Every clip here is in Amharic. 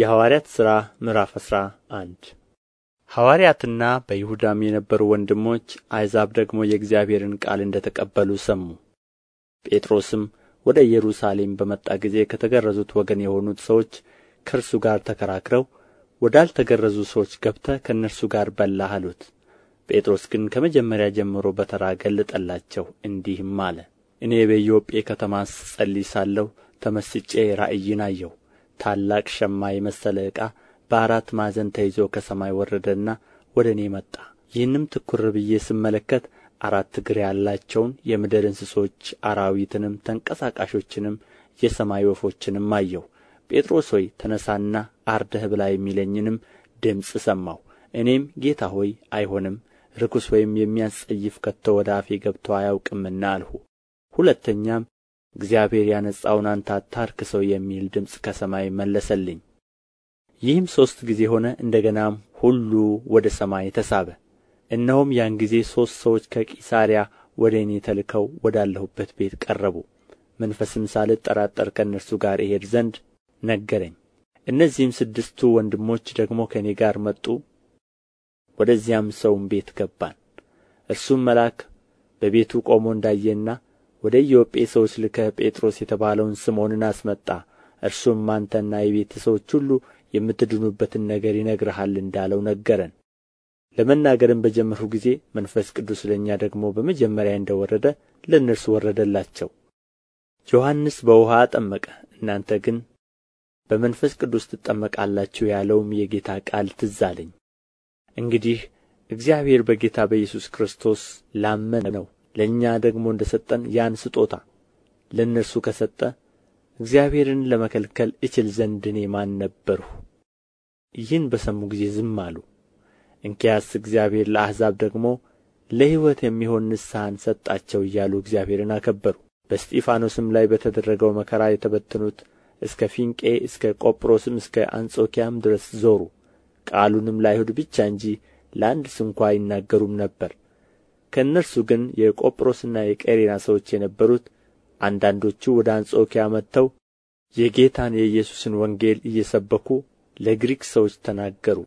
የሐዋርያት ሥራ ምዕራፍ አስራ አንድ ሐዋርያትና በይሁዳም የነበሩ ወንድሞች አሕዛብ ደግሞ የእግዚአብሔርን ቃል እንደ ተቀበሉ ሰሙ። ጴጥሮስም ወደ ኢየሩሳሌም በመጣ ጊዜ ከተገረዙት ወገን የሆኑት ሰዎች ከእርሱ ጋር ተከራክረው ወዳልተገረዙ ሰዎች ገብተ ከእነርሱ ጋር በላህ አሉት። ጴጥሮስ ግን ከመጀመሪያ ጀምሮ በተራ ገለጠላቸው፣ እንዲህም አለ፦ እኔ በኢዮጴ ከተማ ስጸልይ ሳለሁ ተመስጬ ራእይን አየሁ ታላቅ ሸማ የመሰለ ዕቃ በአራት ማዕዘን ተይዞ ከሰማይ ወረደና ወደ እኔ መጣ ይህንም ትኩር ብዬ ስመለከት አራት እግር ያላቸውን የምድር እንስሶች አራዊትንም ተንቀሳቃሾችንም የሰማይ ወፎችንም አየሁ ጴጥሮስ ሆይ ተነሳና አርደህ ብላ የሚለኝንም ድምፅ ሰማሁ እኔም ጌታ ሆይ አይሆንም ርኩስ ወይም የሚያስጸይፍ ከቶ ወደ አፌ ገብቶ አያውቅምና አልሁ ሁለተኛም እግዚአብሔር ያነጻውን አንተ አታርክሰው የሚል ድምፅ ከሰማይ መለሰልኝ ይህም ሦስት ጊዜ ሆነ እንደ ገናም ሁሉ ወደ ሰማይ ተሳበ እነሆም ያን ጊዜ ሦስት ሰዎች ከቂሳርያ ወደ እኔ ተልከው ወዳለሁበት ቤት ቀረቡ መንፈስም ሳልጠራጠር ከእነርሱ ጋር እሄድ ዘንድ ነገረኝ እነዚህም ስድስቱ ወንድሞች ደግሞ ከእኔ ጋር መጡ ወደዚያም ሰውም ቤት ገባን እርሱም መልአክ በቤቱ ቆሞ እንዳየና ወደ ኢዮጴ ሰዎች ልከህ ጴጥሮስ የተባለውን ስምዖንን አስመጣ እርሱም አንተና የቤት ሰዎች ሁሉ የምትድኑበትን ነገር ይነግርሃል እንዳለው ነገረን። ለመናገርም በጀመርሁ ጊዜ መንፈስ ቅዱስ ለእኛ ደግሞ በመጀመሪያ እንደ ወረደ ለእነርሱ ወረደላቸው። ዮሐንስ በውኃ አጠመቀ፣ እናንተ ግን በመንፈስ ቅዱስ ትጠመቃላችሁ ያለውም የጌታ ቃል ትዝ አለኝ። እንግዲህ እግዚአብሔር በጌታ በኢየሱስ ክርስቶስ ነው። ለእኛ ደግሞ እንደ ሰጠን ያን ስጦታ ለእነርሱ ከሰጠ እግዚአብሔርን ለመከልከል እችል ዘንድ እኔ ማን ነበርሁ? ይህን በሰሙ ጊዜ ዝም አሉ። እንኪያስ እግዚአብሔር ለአሕዛብ ደግሞ ለሕይወት የሚሆን ንስሐን ሰጣቸው እያሉ እግዚአብሔርን አከበሩ። በስጢፋኖስም ላይ በተደረገው መከራ የተበተኑት እስከ ፊንቄ እስከ ቆጵሮስም እስከ አንጾኪያም ድረስ ዞሩ። ቃሉንም ለአይሁድ ብቻ እንጂ ለአንድ ስንኳ አይናገሩም ነበር። ከእነርሱ ግን የቆጵሮስና የቀሬና ሰዎች የነበሩት አንዳንዶቹ ወደ አንጾኪያ መጥተው የጌታን የኢየሱስን ወንጌል እየሰበኩ ለግሪክ ሰዎች ተናገሩ።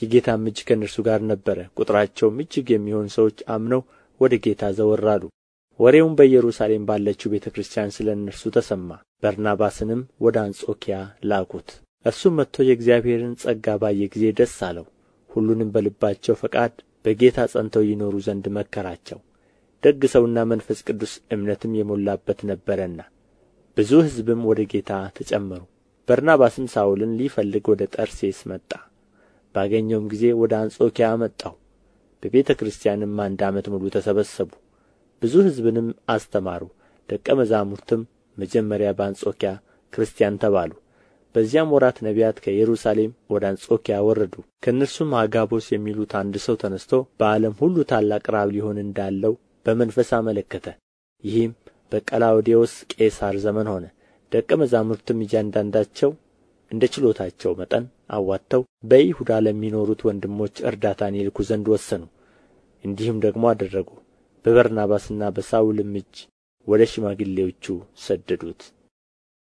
የጌታም እጅ ከእነርሱ ጋር ነበረ። ቁጥራቸውም እጅግ የሚሆን ሰዎች አምነው ወደ ጌታ ዘወር አሉ። ወሬውም በኢየሩሳሌም ባለችው ቤተ ክርስቲያን ስለ እነርሱ ተሰማ። በርናባስንም ወደ አንጾኪያ ላኩት። እርሱም መጥቶ የእግዚአብሔርን ጸጋ ባየ ጊዜ ደስ አለው። ሁሉንም በልባቸው ፈቃድ በጌታ ጸንተው ይኖሩ ዘንድ መከራቸው ደግ ሰውና መንፈስ ቅዱስ እምነትም የሞላበት ነበረና ብዙ ሕዝብም ወደ ጌታ ተጨመሩ በርናባስም ሳውልን ሊፈልግ ወደ ጠርሴስ መጣ ባገኘውም ጊዜ ወደ አንጾኪያ አመጣው በቤተ ክርስቲያንም አንድ ዓመት ሙሉ ተሰበሰቡ ብዙ ሕዝብንም አስተማሩ ደቀ መዛሙርትም መጀመሪያ በአንጾኪያ ክርስቲያን ተባሉ በዚያም ወራት ነቢያት ከኢየሩሳሌም ወደ አንጾኪያ ወረዱ ከእነርሱም አጋቦስ የሚሉት አንድ ሰው ተነስቶ በዓለም ሁሉ ታላቅ ራብ ሊሆን እንዳለው በመንፈስ አመለከተ ይህም በቀላውዴዎስ ቄሳር ዘመን ሆነ ደቀ መዛሙርትም እያንዳንዳቸው እንደ ችሎታቸው መጠን አዋጥተው በይሁዳ ለሚኖሩት ወንድሞች እርዳታን ይልኩ ዘንድ ወሰኑ። እንዲህም ደግሞ አደረጉ። በበርናባስና በሳውልም እጅ ወደ ሽማግሌዎቹ ሰደዱት።